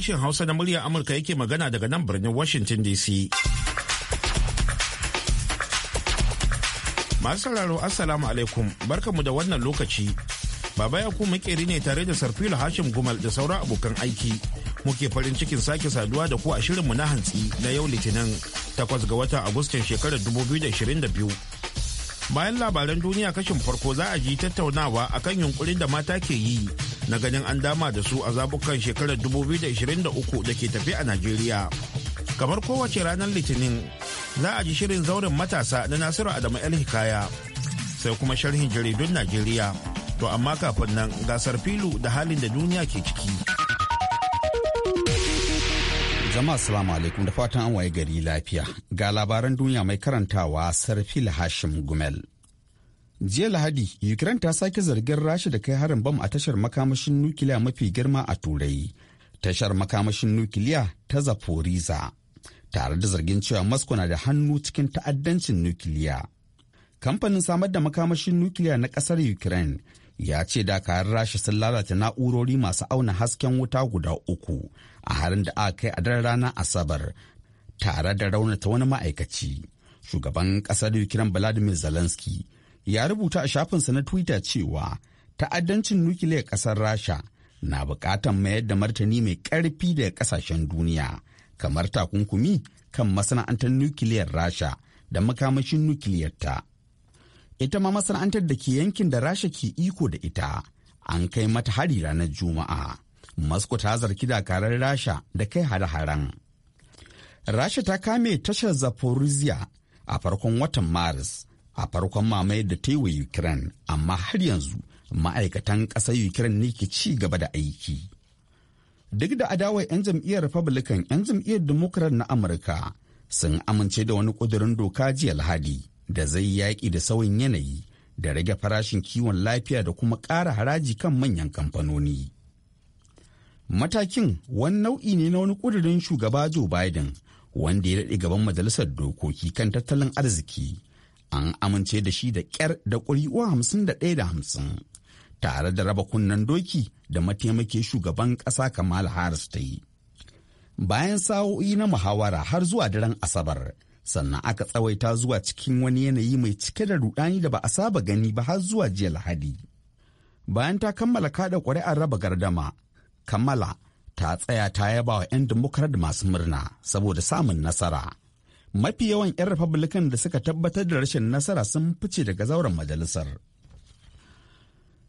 sashen Hausa na muryar Amurka yake magana daga nan birnin Washington DC. Masu sauraro Assalamu alaikum barkanmu da wannan lokaci. Baba Yaku makeri ne tare da Sarfilu Hashim Gumal da sauran abokan aiki. Muke farin cikin sake saduwa da ku a shirinmu na hantsi na yau Litinin takwas ga watan Agustan shekarar dubu da biyu. bayan labaran duniya kashin farko za a ji tattaunawa akan yunkurin da mata ke yi na ganin an dama da su a zabukan shekarar 2023 da ke tafe a Najeriya. Kamar kowace ranar Litinin za a ji shirin zauren matasa na Nasiru Adamu El Hikaya sai kuma sharhin jaridun Najeriya. To amma kafin nan gasar filu da halin da duniya ke ciki. Jama'a salamu alaikum da fatan an waye gari lafiya. Ga labaran duniya mai karantawa Sarfil Hashim Gumel. jiya lahadi ukraine ta sake zargin rasha da kai harin bam a tashar makamashin nukiliya mafi girma a turai tashar makamashin nukiliya ta zaporiza tare da zargin cewa moscow na da hannu cikin ta'addancin nukiliya kamfanin samar da makamashin nukiliya na kasar ukraine ya ce dakarun rasha sun lalata na'urori masu auna hasken wuta guda uku a harin da aka kai a daren ranar asabar tare da raunata wani ma'aikaci shugaban kasar ukraine vladimir zelensky ya rubuta a shafinsa na twitter cewa ta'addancin nukiliyar ƙasar rasha na buƙatan mayar da martani mai ƙarfi daga ƙasashen duniya kamar takunkumi kan masana'antar nukiliyar rasha da makamashin nukiliyarta ita ma masana'antar da ke yankin da rasha ke iko da ita an kai mata hari ranar juma'a moscow ta zargi dakarar rasha da kai hare-haren rasha ta kame tashar zaporizhia a farkon watan maris a farkon mamayar da ta yi wa Ukraine, amma har yanzu ma'aikatan ƙasar Ukraine ne ke ci gaba da aiki. Duk da adawar 'yan jam'iyyar Republican 'yan jam'iyyar Democrat na Amurka sun amince da wani ƙudurin doka jiya Lahadi da zai yaƙi da sauyin yanayi da rage farashin kiwon lafiya da kuma ƙara haraji kan manyan kamfanoni. Matakin wani nau'i ne na wani ƙudurin shugaba Joe Biden wanda ya daɗe gaban majalisar dokoki kan tattalin arziki an amince da shi da ƙyar da ƙuri'u hamsin da ɗaya da hamsin tare da raba kunnen doki da mataimake shugaban ƙasa kamal harris ta yi bayan sa'o'i na muhawara har zuwa daren asabar sannan aka tsawaita zuwa cikin wani yanayi mai cike da rudani da ba a saba gani ba har zuwa jiya lahadi bayan ta kammala kada ƙuri'ar raba gardama kammala ta tsaya ta yaba wa 'yan demokrat masu murna saboda samun nasara mafi yawan 'yan republican da suka tabbatar da rashin nasara sun fice daga zauren majalisar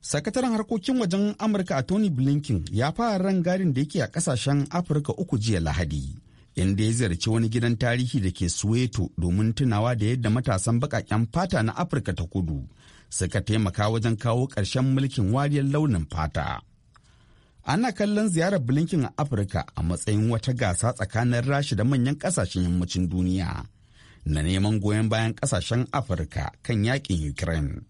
sakataren harkokin wajen amurka a tony blinken ya fara garin da yake a kasashen afirka uku jiya lahadi inda ya ziyarci wani gidan tarihi da ke soweto domin tunawa da yadda matasan baƙaƙen fata na afirka ta kudu suka taimaka wajen kawo ƙarshen mulkin wariyar launin fata ana kallon ziyarar blinken a afirka a matsayin wata gasa tsakanin rashi da manyan kasashen yammacin duniya na neman goyon bayan kasashen afirka kan yakin ukraine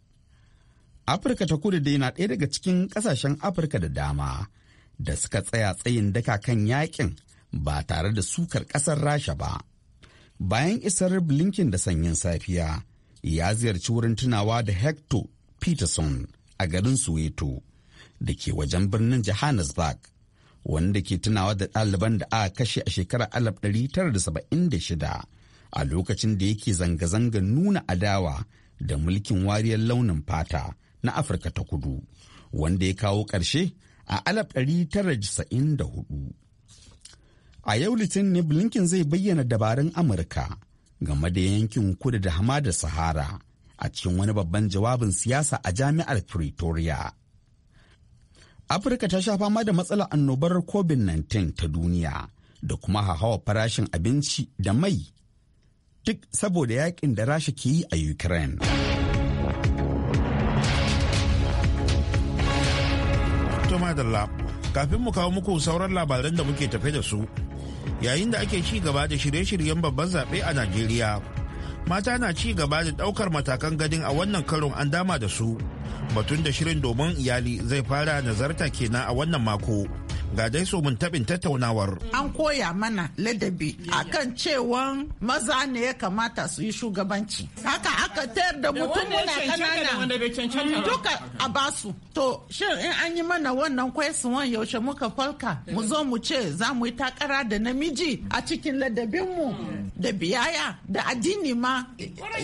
afirka ta kudu dai na ɗaya daga cikin kasashen afirka da dama da suka tsaya tsayin daka kan yakin ba tare da sukar ƙasar rasha ba bayan isar blinken da sanyin safiya ya ziyarci wurin tunawa da hector peterson a garin soweto da ke wajen birnin Johannesburg, wanda ke tunawa da ɗaliban da aka kashe a shekarar 1976 a lokacin da yake zanga-zanga nuna adawa da mulkin wariyar launin fata na Afirka ta kudu, wanda ya kawo ƙarshe a 1994. A yau Litinin Blinken zai bayyana dabarun Amurka game da yankin kudu da hamadar Sahara a cikin wani babban jawabin siyasa a jami'ar Pretoria. Afirka ta sha fama da matsalar annobar COVID-19 ta duniya da kuma hahawa farashin abinci da mai duk saboda yakin da Rasha ke yi a Ukraine. madalla kafin mu kawo muku sauran labaran da muke tafe da su yayin da ake ci gaba da shirye-shiryen babban zaɓe a najeriya mata na ci gaba da ɗaukar matakan gadin a wannan karon an dama da su batun da shirin domin iyali zai fara nazarta kenan a wannan mako ga dai so mun tabin tattaunawar. An koya mana ladabi akan cewan maza ne ya kamata su yi shugabanci. Haka aka tayar da mutum muna kanana duka a basu. To shin in an yi mana wannan kwesuwan yaushe muka falka mu zo mu ce za mu yi takara da namiji a cikin ladabinmu da biyaya da addini ma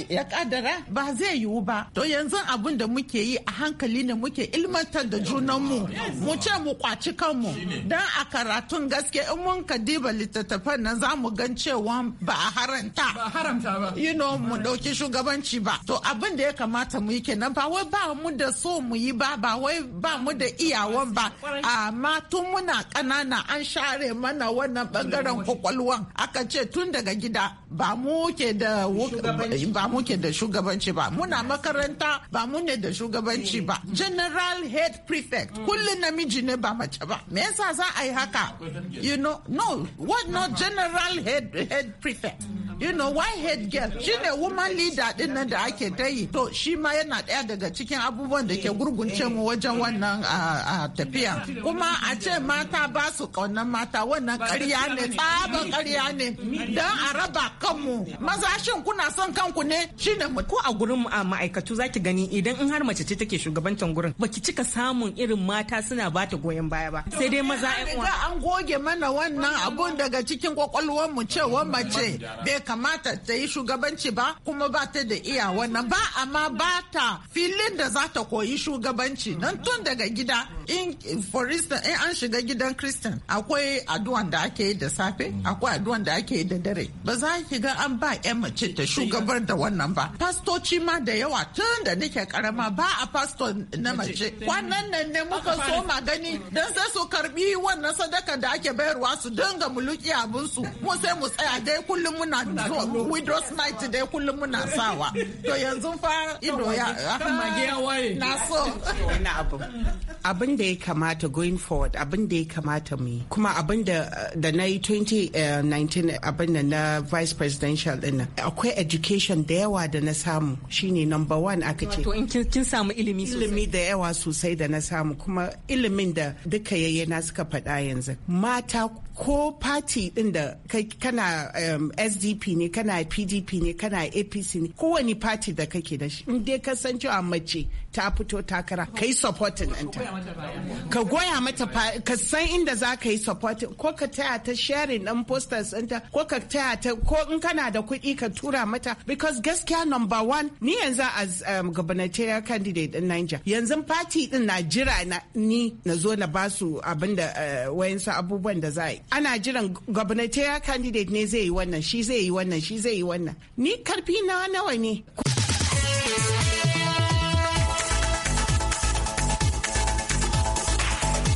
ya kadara ba zai yiwu ba. To yanzu abin da muke yi a hankali ne muke ilmantar da junanmu mu ce mu kwaci kanmu. don a karatun gaske in mun ka diba littattafan nan za mu gan cewa ba a haranta ba haramta ba you know mu dauki shugabanci ba to abin da ya kamata mu yi kenan ba wai ba mu da so mu yi ba ba wai ba mu da iyawan ba amma tun muna kanana an share mana wannan bangaren kwakwalwan aka ce tun daga gida ba mu ke da ba mu ke da shugabanci ba muna makaranta ba mu ne da shugabanci ba general head prefect mm. kullum namiji ne ba mace ba me yasa haka you know no what not general head head prefect you know whitehead girl shine woman leader din nan da ake ta yi to shi ma yana daya daga cikin abubuwan da ke gurgunce mu wajen wannan tafiya kuma a ce mata ba su kaunan mata wannan ƙarya ne tsaban ƙarya ne don a raba kanmu maza shin kuna son kanku ne shine mu ko a gurin a ma'aikatu zaki gani idan in har mace ce take shugabantan gurin baki cika samun irin mata suna bata goyon baya ba sai dai maza ƴan an goge mana wannan abun daga cikin kwakwalwar mu cewa mace bai kamata ta yi shugabanci ba kuma ba ta da iya wannan ba amma ba ta filin da za ta koyi shugabanci nan tun daga gida in for instance in an shiga gidan christian akwai addu'an da ake yi da safe akwai addu'an da ake yi da dare ba za ki ga an ba yan mace ta shugabar da wannan ba pastoci ma da yawa tun da nake karama ba a pastor na mace kwanan nan ne muka so gani don sai su karbi wannan sadaka da ake bayarwa su dinga muluki abin su mu sai mu tsaya dai kullum muna widow's night dai kullum muna sawa to yanzu fa ido ya na so abin da ya kamata going forward abin da ya kamata mu kuma abin da da na yi 2019 eh, abin da na vice presidential din akwai education da yawa da na samu shine number one aka ce in kin samu ilimi sosai ilimi da yawa sosai da na samu kuma ilimin da duka na suka faɗa yanzu mata ko party din da kana sdp ne kana pdp ne kana apc ne kowane party da kake da shi in dai ka san cewa mace ta fito takara ka yi supporting ɗinta ka goya mata ka san inda za ka yi supporting ko ka taya ta sharing ɗin posters ɗinta ko ka taya ta ko in kana da kuɗi ka tura mata because gaskiya number one ni yanzu as um, gubernatorial candidate ɗin Niger yanzu party din na jira na ni na zo na basu abin da eh, wayansu abubuwan da za a yi ana jiran gubernatorial candidate ne zai yi wannan shi zai yi wannan shi zai yi wannan ni karfi na nawa ne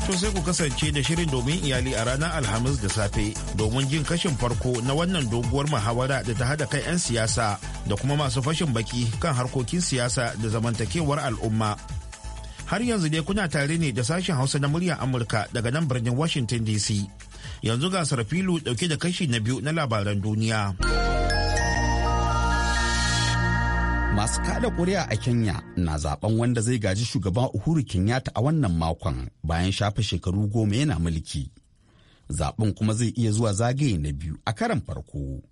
to sai ku kasance da shirin domin iyali a ranar alhamis da safe domin jin kashin farko na wannan doguwar muhawara da ta hada kai 'yan siyasa da kuma masu fashin baki kan harkokin siyasa da zamantakewar al'umma har yanzu dai kuna tare ne da sashen hausa na muryar amurka daga nan birnin washington dc yanzu gasar sarfilu dauke da kashi na biyu na labaran duniya masu kada kuri'a a kenya na zaben wanda zai gaji shugaban uhuru kenyatta a wannan makon bayan shafe shekaru goma yana mulki zaben kuma zai iya zuwa zagaye na biyu a karan farko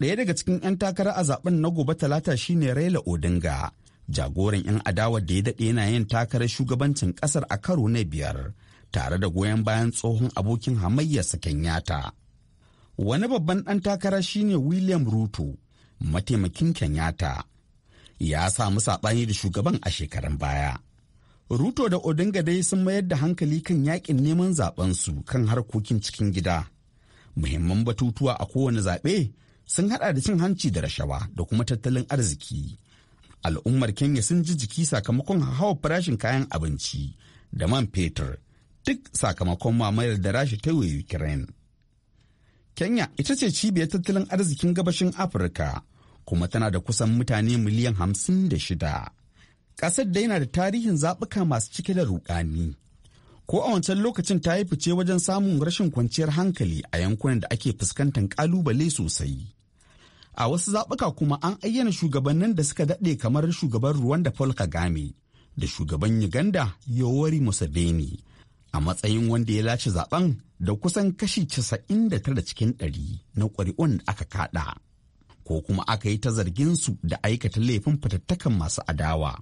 ɗaya daga cikin 'yan takara a zaben na gobe talata shine raila odinga jagoran 'yan adawa da ya daɗe yana yin takarar shugabancin ƙasar a karo na biyar tare da goyon bayan tsohon abokin hamayyarsa Kenyatta. Wani babban ɗan takara shine William Ruto, mataimakin Kenyatta. Ya samu saɓani da shugaban a shekarun baya. Ruto da Odinga dai sun mayar da hankali kan yakin neman zaɓensu kan harkokin cikin gida. Muhimman batutuwa a kowane zaɓe sun haɗa da cin hanci da rashawa da kuma tattalin arziki. Al'ummar Kenya sun ji jiki sakamakon hawa farashin kayan abinci da man fetur duk sakamakon mamayar da rashi ta yi ukraine kenya ita ce cibiyar tattalin arzikin gabashin afirka kuma tana da kusan mutane miliyan hamsin da shida ƙasar da yana da tarihin zaɓuka masu cike da ruɗani ko a wancan lokacin ta yi fice wajen samun rashin kwanciyar hankali a yankunan da ake fuskantar ƙalubale sosai a wasu zaɓuka kuma an ayyana shugabannin da suka daɗe kamar shugaban ruwan da Paul Kagame da shugaban Uganda Yoweri Museveni a matsayin wanda ya lashe zaben da kusan kashi 99 cikin 100 na ƙuri'un da aka kada ko kuma aka yi ta zarginsu da aikata laifin fatattakan masu adawa.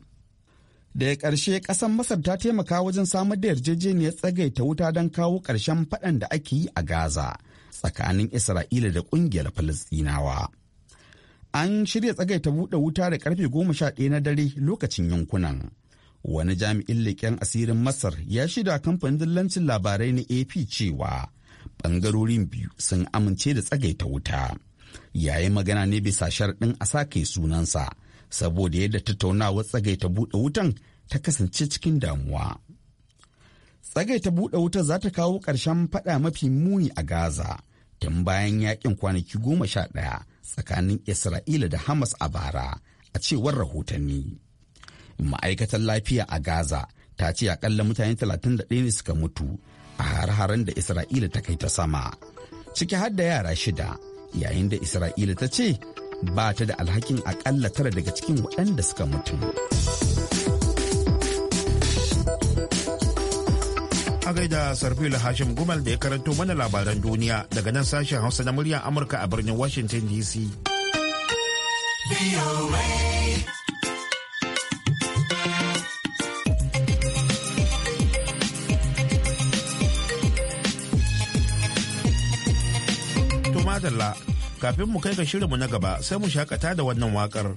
Daga ƙarshe ƙasar Masar ta taimaka wajen samar da yarjejeniyar tsagaita wuta don kawo ƙarshen faɗan da ake yi a Gaza tsakanin Isra'ila da ƙungiyar Falasɗinawa. An shirya tsagaita buɗe wuta da ƙarfe goma sha ɗaya na dare lokacin yankunan. wani jami'in leƙen asirin masar ya shida kamfanin dillancin labarai na ap cewa ɓangarorin biyu sun amince da tsagaita wuta yayi magana ne bisa sharɗin a sake sunansa saboda yadda tattaunawar tsagaita buɗe wutan ta kasance cikin damuwa tsagaita buɗe wutar za ta kawo ƙarshen faɗa mafi muni a gaza tun bayan yakin kwanaki goma sha ɗaya tsakanin isra'ila da hamas a bara a cewar rahotanni ma'aikatar lafiya a gaza ta ce akalla mutane 31 ne suka mutu a har-haren da isra'ila ta kai ta sama ciki har da yara shida yayin da isra'ila ta ce ba ta da alhakin akalla tara daga cikin waɗanda suka mutu a gaida sarfil hashim gumal da ya karanto mana labaran duniya daga nan sashen hausa na muryar amurka a birnin washington dc madalla kafin mu kai ga shirinmu na gaba sai mu shakata da wannan waƙar.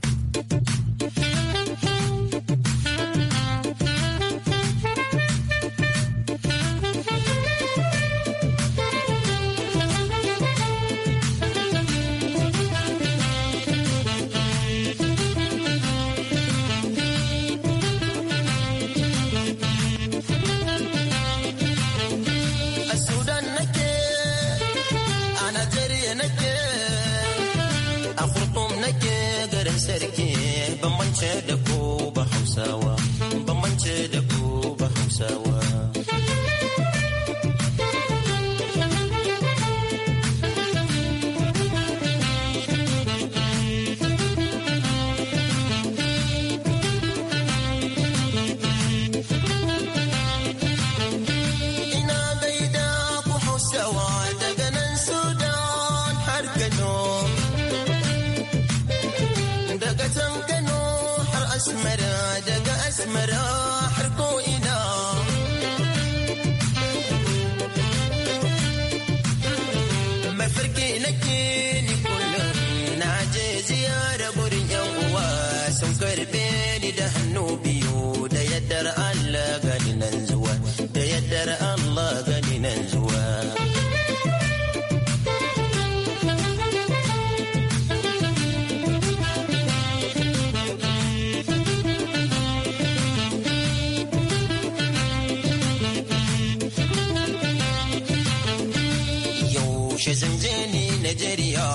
yaushe zan je ni Najeriya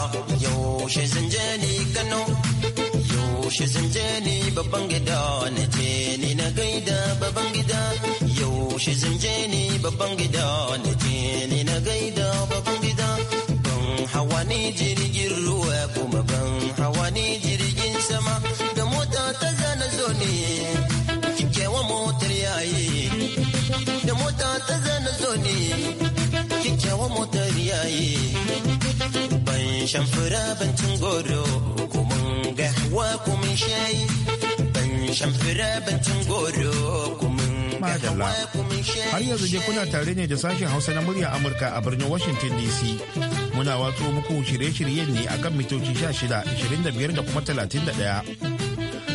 yaushe zan je ni Kano yaushe zan je ni babban gida na je ni na gaida babban gida yaushe zan je ni babban gida na je ni na gaida babban gida ban hawa ni jirgin ruwa kuma ban hawa ni jirgin sama da mota ta zana zo ne kewa motar yayi da mota ta zana zo ne kyakkyawan mota yaye ban shan fura ban cin goro ko mun ga wa ko mun shayi ban shan fura ban cin goro ko mun Madalla. Har yanzu je kuna tare ne da sashen Hausa na murya Amurka a birnin Washington DC. Muna watso muku shirye-shiryen ne akan mitoci 16, 25 da kuma 31.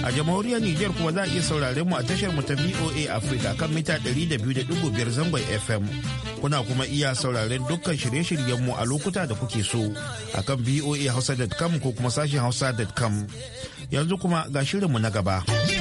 A jamhuriyar Nijar kuma za a iya sauraren mu a tashar mu ta VOA Africa kan mita ɗari da biyar zangon FM. Kuna kuma iya sauraren dukkan shirye-shiryen mu a lokuta da kuke so a kan Hausa.com ko kuma sashen hausa.com. Yanzu kuma ga shirinmu na gaba. Yeah!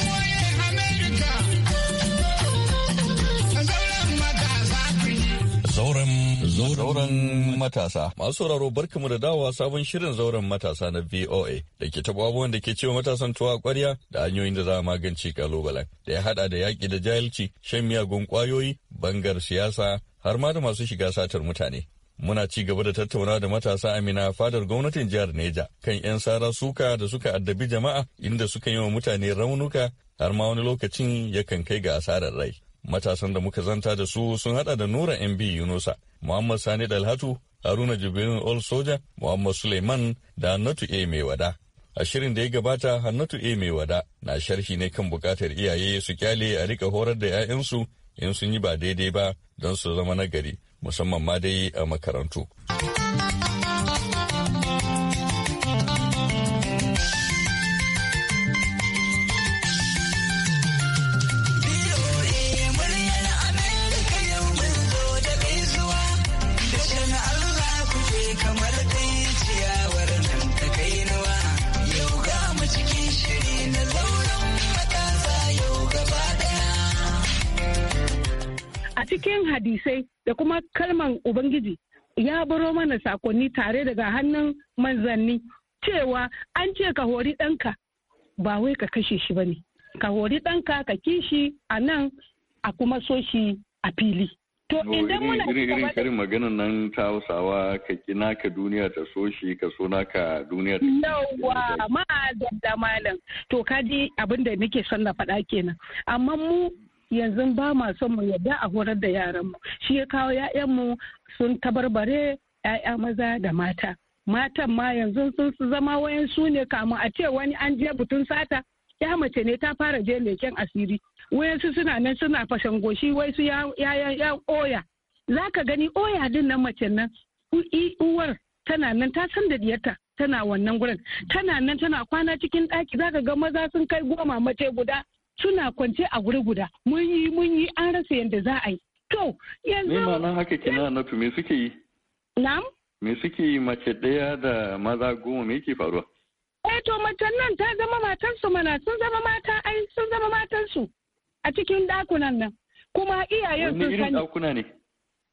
Zauren matasa. Masu sauraro barkamu da dawowa sabon shirin zauren matasa na VOA da ke taɓa abubuwan da ke cewa matasan tuwa kwarya da hanyoyin da za a magance kalubalen da ya haɗa da yaƙi da jahilci, shan miyagun kwayoyi bangar siyasa har ma da masu shiga satar mutane. Muna ci gaba da tattauna da matasa Amina fadar gwamnatin jihar Neja kan 'yan sara suka da suka addabi jama'a inda suka yi wa mutane raunuka har ma wani lokacin yakan kai ga asarar rai. Matasan da muka zanta da su sun hada da Nura MB Yunusa, Muhammad Sani Dalhatu, Haruna Jibrin Ol Soja, Muhammad Suleiman da Hannatu A. Mai Wada. A shirin da ya gabata Hannatu A. Mai Wada na sharhi ne kan bukatar iyaye su kyale a rika horar da 'ya'yansu in sun yi ba daidai ba don su zama nagari, musamman ma dai a makarantu. cikin hadisai da kuma kalman ubangiji ya baro mana sakonni tare daga hannun manzanni cewa an ce ka hori ɗanka ba wai ka kashe shi ba ne ka hori ɗanka ka kishi a nan a kuma so shi a fili To idan muna irin karin maganan nan ta hausawa ka kina ka duniya ta so shi ka so naka duniya ta Yawwa ma da malam. To kaji abin da nake son na faɗa kenan. Amma mu yanzu ba ma son mu yadda a horar da yaran mu shi ya kawo 'ya'yanmu sun tabarbare 'ya'ya maza da mata matan ma yanzu sun su zama wayan su ne kamun a ce wani an je butun sata ya mace ne ta fara je leken asiri wayansu suna nan suna fashan goshi wai su ya ya oya zaka gani oya din nan mace nan uwar tana nan ta san da diyarta tana wannan gurin tana nan tana kwana cikin ɗaki zaka ga maza sun kai goma mace guda suna kwance a guri guda mun yi mun yi an rasa yadda za a yi to yanzu ne ma haka kina na me suke yi na'am me suke yi mace ɗaya da maza goma me yake faruwa eh to matan nan ta zama matansu mana sun zama mata ai sun zama matan su a cikin ɗakunan nan kuma iyayen sun sani ɗakuna ne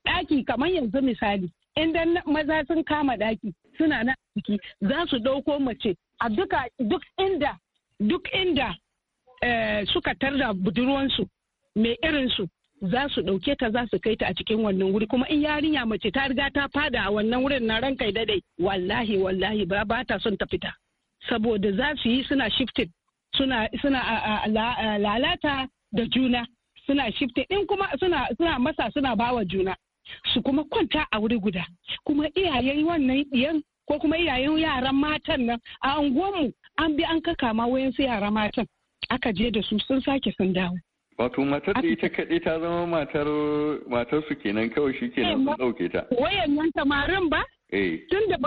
daki kamar yanzu misali idan maza sun kama daki suna na ciki za su ɗauko mace a duka duk inda duk inda Eh, suka tarda budurwansu mai irinsu za su ɗauke ta za su kai ta a cikin wannan wuri kuma in yarinya mace ta riga ta fada a wannan wurin na ran kai dadai wallahi wallahi ba ba ta son ta fita saboda za su yi suna shifted suna suna lalata da juna suna shifted in kuma suna suna masa suna bawa juna su kuma kwanta a wuri guda kuma iyayen wannan diyan ko kuma iyayen yaran matan nan a unguwanmu an bi an kakama wayansu yaran matan aka je da su sun sake sun dawo wato matar da ita kaɗai ta zama matar matar su kenan kawai shi kenan eh, sun ɗauke ta wayannan samarin ba eh. tun da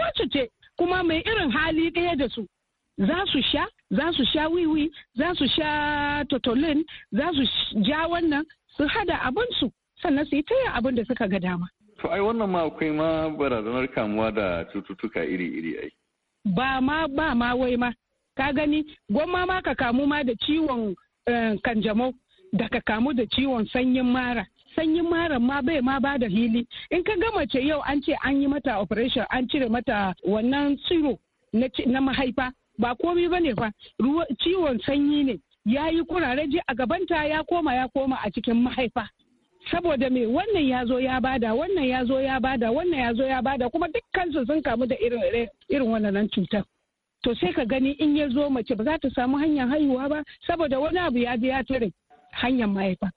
wacce ce kuma mai irin hali ɗaya da su za su sha za su sha wiwi za su sha totolin za su ja wannan su hada abinsu sannan su yi taya abin da suka ga dama to ai wannan ma akwai ma barazanar kamuwa da cututtuka iri-iri ai ba ma ba ma wai ma ka gani gwamma ma ka kamu ma da ciwon eh, kanjamau da ka kamu da ciwon sanyin mara sanyin mara ma bai ma ba da hili in ka gama ce yau an ce an yi mata operation an cire mata wannan tsiro na mahaifa ba komi ba ne fa ciwon sanyi ne ya yi kurareji a gabanta ya koma ya koma a cikin mahaifa saboda me wannan ya zo ya bada wannan ya zo ya bada wannan ya zo ya bada kuma dukkansu sun kamu da irin wannan cutar to sai ka gani in ya zo mace ba za ta samu hanyar haihuwa ba saboda wani abu ya je ya tare hanyar mahaifa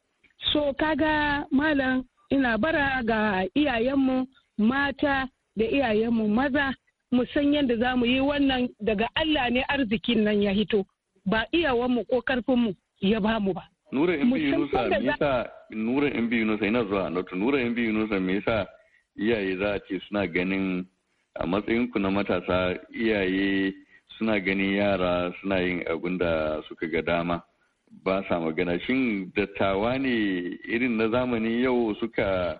so kaga malam ina bara ga iyayenmu mata da iyayenmu maza mu san yadda za mu yi wannan daga Allah ne arzikin nan ya hito ba iyawanmu ko karfinmu ya ba mu ba. Nura in biyu nusa me yasa iyaye za a ce suna ganin a matsayin ku na matasa iyaye suna ganin yara suna yin abin da suka ga dama ba sa magana shin dattawa ne irin na zamani yau suka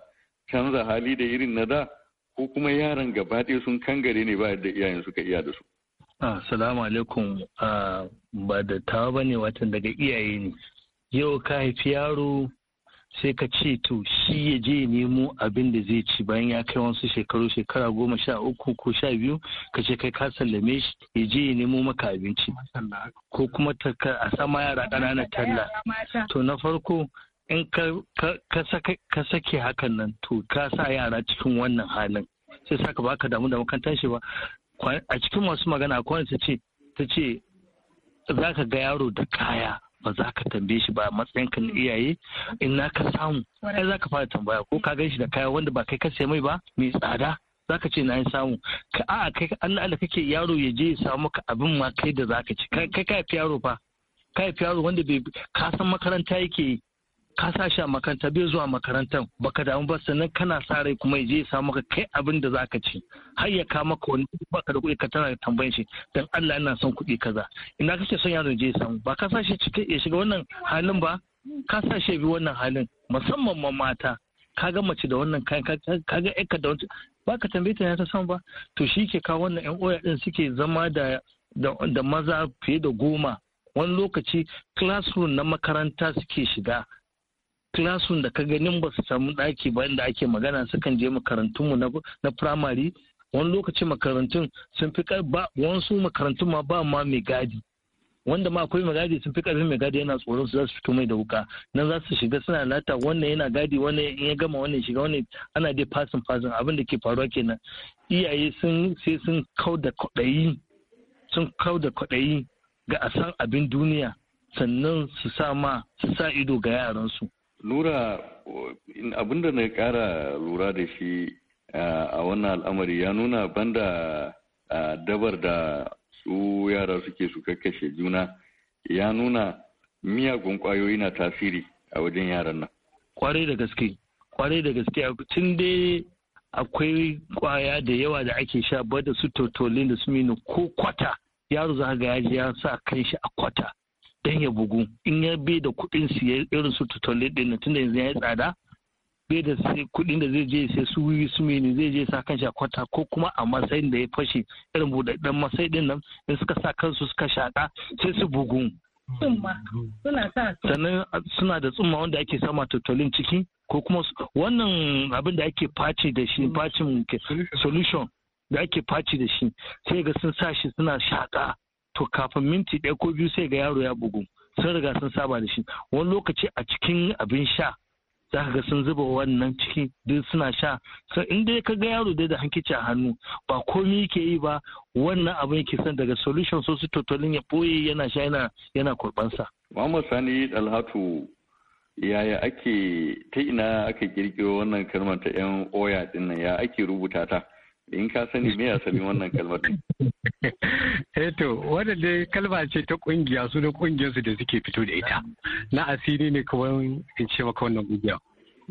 canza hali da irin na da ko kuma yaran gaba ɗaya sun kangare ne ba da iyayen suka iya da su Assalamu ah, alaikum ah, ba da ba ne watan daga iyaye ne yau ka haifi yaro sai ka ce to shi ya je nemo abin da zai ci bayan ya kai wasu shekaru shekara goma sha uku ko sha biyu ka ce kai ka sallame shi ya je ya nemo maka abinci ko kuma a sama yara ƙananan talla to na farko in ka sake hakan nan to ka sa yara cikin wannan halin sai saka baka damu da makantar shi ba a cikin masu magana akwai ta ta ce za ka ga yaro da kaya ba za ka tambaye shi ba matsayin na iyaye in na ka samu ai za ka fara tambaya ko ka gan shi da kaya wanda ba kai ka sai mai ba mai tsada za ka ce na yi samu ka a kai Allah Allah kake yaro ya je ya samu maka abin ma kai da za ka ci kai ka fi yaro fa ka fi yaro wanda bai ka san makaranta yake ka sa shi a makaranta bai zuwa makarantar baka damu ba sannan kana sa rai kuma ya je ya samu ka kai abin da zaka ci har ya kama ka wani baka da kuɗi ka tana tambayin shi dan Allah ina son kuɗi kaza ina kake son yaro je ya samu ba ka sa shi cike ya shiga wannan halin ba ka sa shi bi wannan halin musamman ma mata Ka ga mace da wannan kayan ga ka da wancan ba ka tambaye ta ta san ba to shi ke kawo wannan yan oya din suke zama da da maza fiye da goma wani lokaci classroom na makaranta suke shiga klasun da ka ganin ba su samu ɗaki ba da ake magana sukan je makarantunmu na firamare wani lokaci makarantun sun fi ba wasu makarantun ma ba ma mai gadi wanda ma akwai mai gadi sun fi karfin mai gadi yana tsoron su za su fito mai da wuka nan za su shiga suna lata wannan yana gadi wannan in ya gama wannan shiga wannan ana dai fasin fasin abin da ke faruwa kenan iyaye sun sai sun kau da kwaɗayi sun kau da kwaɗayi ga san abin duniya sannan su sa ma su sa ido ga yaransu Nura abin da na kara lura da shi a wannan al'amari ya nuna banda dabar da su yara suke su kakkashe juna ya nuna miyagun kwayoyi na tasiri a wajen yaran nan. Kwarai da gaske, kwarai da gaske tun dai akwai kwaya da yawa da ake sha bada su totolin da su mini ko kwata yaro za ga ya sa kan shi a kwata dan ya bugu in kuma bai da kuɗin siya irin su tutole ɗin tunda yanzu ya yi tsada bai da kuɗin da zai je sai su wuyi su mene zai je sa kan kwata ko kuma a matsayin da ya fashe irin buɗaɗɗen matsayi ɗin nan in suka sa kansu suka shaƙa sai su bugu. sannan suna da tsumma wanda ake sama tutolin ciki ko kuma wannan abin da ake face da shi facin solution da ake face da shi sai ga sun sa shi suna shaƙa to kafin minti ɗaya ko biyu sai ga yaro ya bugu sun riga sun saba da shi wani lokaci a cikin abin sha za ka ga sun zuba wannan ciki duk suna sha sai in dai ka ga yaro dai da hankici a hannu ba komi ke yi ba wannan abin yake son daga solution so su ya boye yana sha yana yana kurbansa Muhammad Sani Dalhatu yaya ake ta ina aka kirkiro wannan kalmar ta yan oya din ya ake rubuta ta in ka sani me sani wannan kalmar ne. Eh to dai kalma ce ta kungiya su da kungiyarsu da suke fito da ita na asiri ne kawai in ce maka wannan kungiya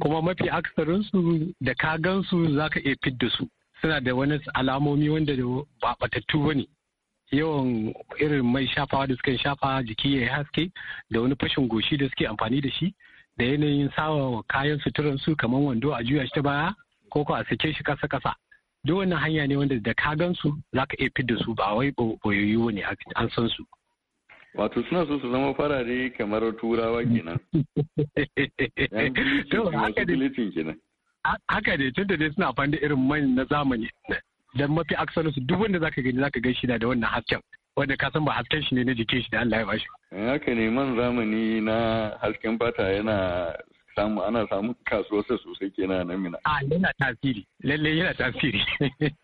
kuma mafi aksarinsu da ka gansu za ka iya fidda su suna da wani alamomi wanda ba batattu ba ne yawan irin mai shafawa da suke shafa jiki ya yi haske da wani fashin goshi da suke amfani da shi da yanayin sawa kayan suturansu kamar wando a juya shi ta baya ko ko a sake shi kasa kasa duk wannan hanya ne wanda da ka gan su za ka iya fidda su ba wai boyoyi ne an san su wato suna so su zama farare kamar turawa kenan haka ne tun da dai suna fanda irin man na zamani dan mafi su duk wanda za ka gani ka gan shi da wannan hasken wanda ka san ba hasken shi ne na jikin shi da Allah ya bashi. Haka ne man zamani na hasken fata yana samu ana samun kasuwarsa sosai kenan nan mina. A yana tasiri, lallai yana tasiri.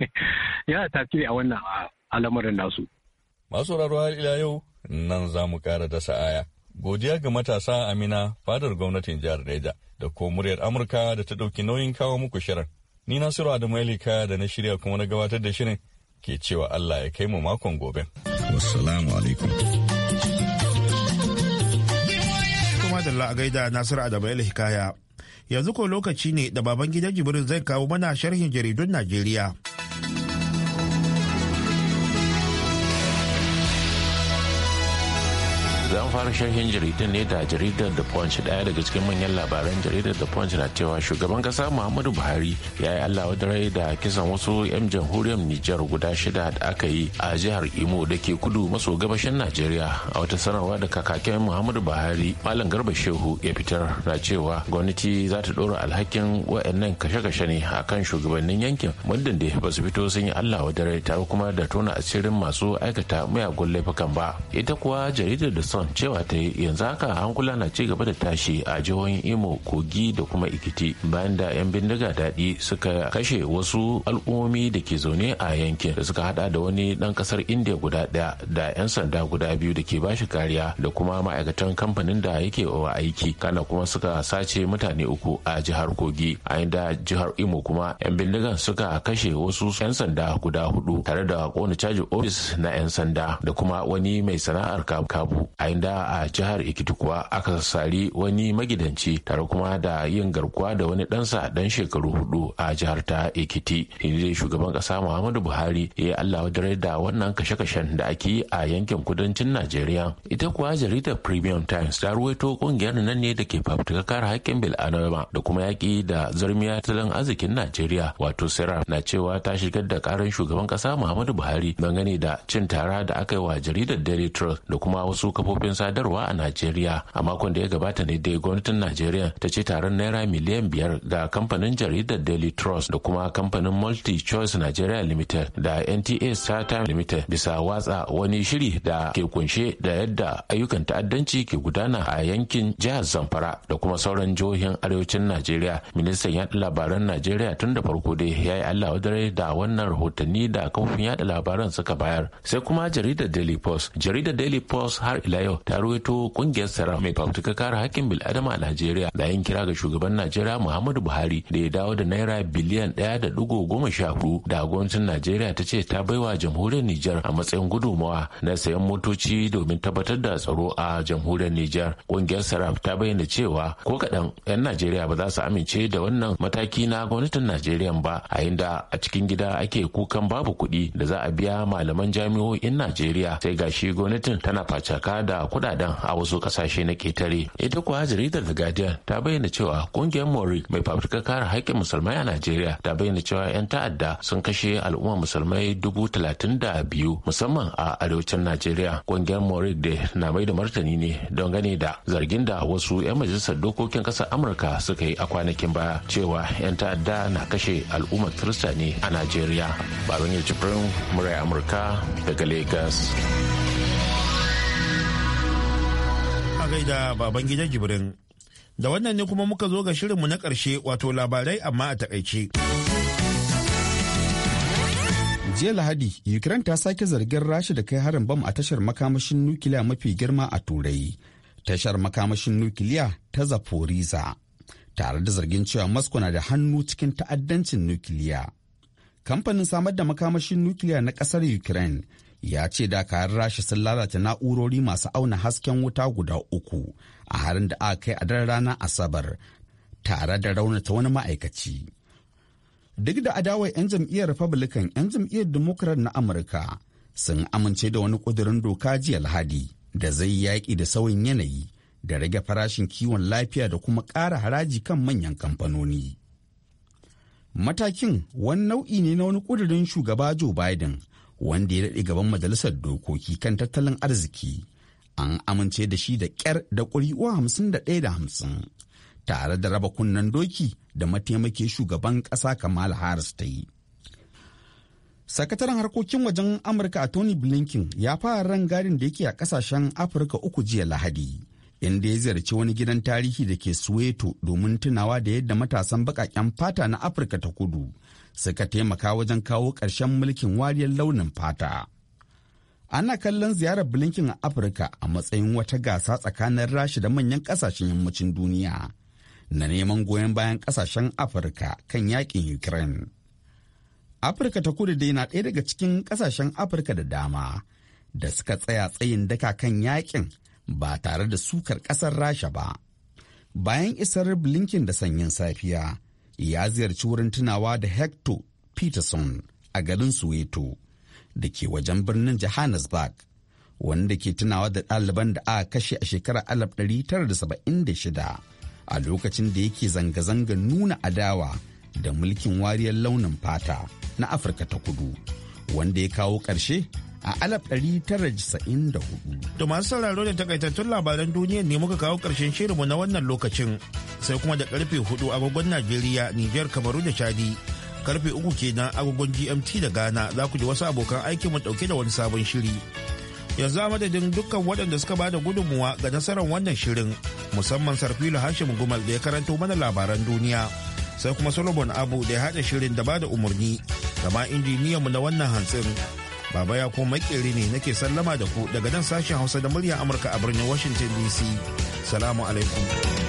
yana tasiri a wannan al'amarin nasu. Masu har ila yau nan za mu kara dasa aya. Godiya ga matasa Amina fadar gwamnatin jihar Neja da ko muryar Amurka da ta ɗauki nauyin kawo muku shirin. Ni Nasiru Adamu Elika da na shirya kuma na gabatar da shirin ke cewa Allah ya kai mu makon gobe. Wassalamu alaikum. madalla a gaida Nasiru Adamu Hikaya. Yanzu ko lokaci ne da baban gidan Jibrin zai kawo mana sharhin jaridun Najeriya. fara sharhin jaridar ne da jaridar da punch daya daga cikin manyan labaran jaridar da punch na cewa shugaban kasa muhammadu buhari ya yi allah rai da kisan wasu 'yan jamhuriyar nijar guda shida da aka yi a jihar imo da ke kudu maso gabashin najeriya a wata sanarwa da kakakin muhammadu buhari malam garba shehu ya fitar na cewa gwamnati za ta dora alhakin wa'annan kashe-kashe ne a kan shugabannin yankin muddin da ba su fito sun yi allah rai tare kuma da tona asirin masu aikata mayagun laifukan ba ita kuwa jaridar da son cewa cewa ta yanzu haka hankula na ci gaba da tashi a jihohin imo kogi da kuma ikiti bayan da 'yan bindiga daɗi suka kashe wasu al'ummomi da ke zaune a yankin da suka hada da wani ɗan ƙasar india guda ɗaya da 'yan sanda guda biyu da ke bashi kariya da kuma ma'aikatan kamfanin da yake wa aiki kana kuma suka sace mutane uku a jihar kogi a inda jihar imo kuma 'yan bindigan suka kashe wasu 'yan sanda guda hudu tare da kona caji ofis na 'yan sanda da kuma wani mai sana'ar kabu a inda a jihar Ekiti kuwa aka sari wani magidanci tare kuma da yin garkuwa da wani ɗansa dan shekaru hudu a jihar ta Ekiti. Inda shugaban ƙasa Muhammadu Buhari ya yi Allah da wannan kashe-kashen da ake yi a yankin kudancin Najeriya. Ita kuwa jaridar Premium Times ta ruwaito kungiyar nan ne da ke fafutuka kare haƙƙin bil'adama da kuma yaƙi da zarmiya talan arzikin Najeriya wato Sera na cewa ta shigar da ƙarin shugaban ƙasa Muhammadu Buhari dangane da cin tara da aka yi wa jaridar Daily Trust da kuma wasu kafofin sa sadarwa a najeriya a makon da ya gabata ne dai gwamnatin najeriya ta ce taron naira miliyan biyar ga kamfanin jaridar daily trust da kuma kamfanin multi choice nigeria limited da nta startime limited bisa watsa wani shiri da ke kunshe da yadda ayyukan ta'addanci ke gudana a yankin jihar zamfara da kuma sauran jihohin arewacin najeriya ministan yaɗa labaran najeriya tun da farko dai ya yi allah wadare da wannan rahotanni da kafofin yaɗa labaran suka bayar sai kuma jaridar daily post jaridar daily post har ila yau ta ta ruwaito kungiyar sara mai fafutuka kare hakkin bil'adama a najeriya da yin kira ga shugaban najeriya muhammadu buhari da ya dawo da naira biliyan ɗaya da ɗigo goma sha hudu da gwamnatin najeriya ta ce ta baiwa jamhuriyar nijar a matsayin gudunmawa na sayan motoci domin tabbatar da tsaro a jamhuriyar nijar kungiyar saraf ta bayyana cewa ko kaɗan 'yan najeriya ba za su amince da wannan mataki na gwamnatin najeriya ba a inda a cikin gida ake kukan babu kuɗi da za a biya malaman jami'o'in najeriya sai gashi gwamnatin tana facaka da kuɗa kudaden a wasu kasashe na ketare ita kuwa jaridar da guardian ta bayyana cewa ƙungiyar mori mai fafutukar kare haƙƙin musulmai a najeriya ta bayyana cewa 'yan ta'adda sun kashe al'ummar musulmai dubu talatin da biyu musamman a arewacin najeriya ƙungiyar mori da na mai da martani ne don gane da zargin da wasu 'yan majalisar dokokin ƙasar amurka suka yi a kwanakin baya cewa 'yan ta'adda na kashe al'ummar kirista ne a najeriya babin yajibirin murai amurka daga lagos a gaida baban gida jibrin. Da wannan ne kuma muka zo ga shirinmu na ƙarshe wato labarai amma a takaice. jiya lahadi ukraine ta sake zargin rasha da kai harin bam a tashar makamashin nukiliya mafi girma a turai tashar makamashin nukiliya ta zaporiza tare da zargin cewa moscow na da hannu cikin ta'addancin nukiliya kamfanin samar da makamashin nukiliya na kasar ukraine ya ce dakarun rasha sun lalata na'urori masu auna hasken wuta guda uku a harin da aka kai a daren rana asabar tare da raunata wani ma'aikaci duk da adawar 'yan jam'iyyar republican 'yan jam'iyyar democrat na amurka sun amince da wani ƙudurin doka jiya lahadi da zai yaƙi da sauyin yanayi da rage farashin kiwon lafiya da kuma ƙara haraji kan manyan kamfanoni matakin wani nau'i ne na wani ƙudurin shugaba joe biden wanda ya daɗe gaban majalisar dokoki kan tattalin arziki an amince da shi da ƙyar da ƙuri'u hamsin da ɗaya da hamsin tare da raba kunnen doki da mataimake shugaban ƙasa kamal harris ta yi sakataren harkokin wajen amurka a tony blinken ya fara rangadin da yake a ƙasashen afirka uku jiya lahadi inda ya ziyarci wani gidan tarihi da ke suweto domin tunawa da yadda matasan baƙaƙen fata na Afirka ta kudu suka taimaka wajen kawo ƙarshen mulkin wariyar launin fata. Ana kallon ziyarar Blinken a Afirka a matsayin wata gasa tsakanin rashi da manyan ƙasashen yammacin duniya na neman goyon bayan ƙasashen Afirka kan yakin Ukraine. Afirka ta kudu dai na ɗaya daga cikin ƙasashen Afirka da dama da suka tsaya tsayin daka kan yakin ba tare da sukar ƙasar Rasha ba. Bayan isar Blinken da sanyin safiya, ya ziyarci wurin tunawa da Hector Peterson a garin Soweto da ke wajen birnin Johannesburg wanda ke tunawa da ɗaliban da aka kashe a shekarar 1976 a lokacin da yake zanga-zanga nuna adawa da mulkin wariyar launin fata na Afirka ta kudu wanda ya kawo ƙarshe a 1994. Da masu sauraro da takaitattun labaran duniya ne muka kawo ƙarshen shirinmu na wannan lokacin sai kuma da karfe hudu agogon Najeriya, Nijar, Kamaru da Chadi. Karfe uku kenan agogon GMT da Ghana za ku ji wasu abokan aikin mu ɗauke da wani sabon shiri. Yanzu a madadin dukkan waɗanda suka bada gudunmuwa ga nasarar wannan shirin musamman Sarfilu Hashim Gumal da ya karanto mana labaran duniya. Sai kuma Solomon Abu da ya haɗa shirin da ba da umarni, gama injiniyanmu na wannan hantsin. Baba ya ko makeri ne nake sallama da ku daga nan sashen Hausa da murya Amurka a birnin Washington DC. Salamu alaikum.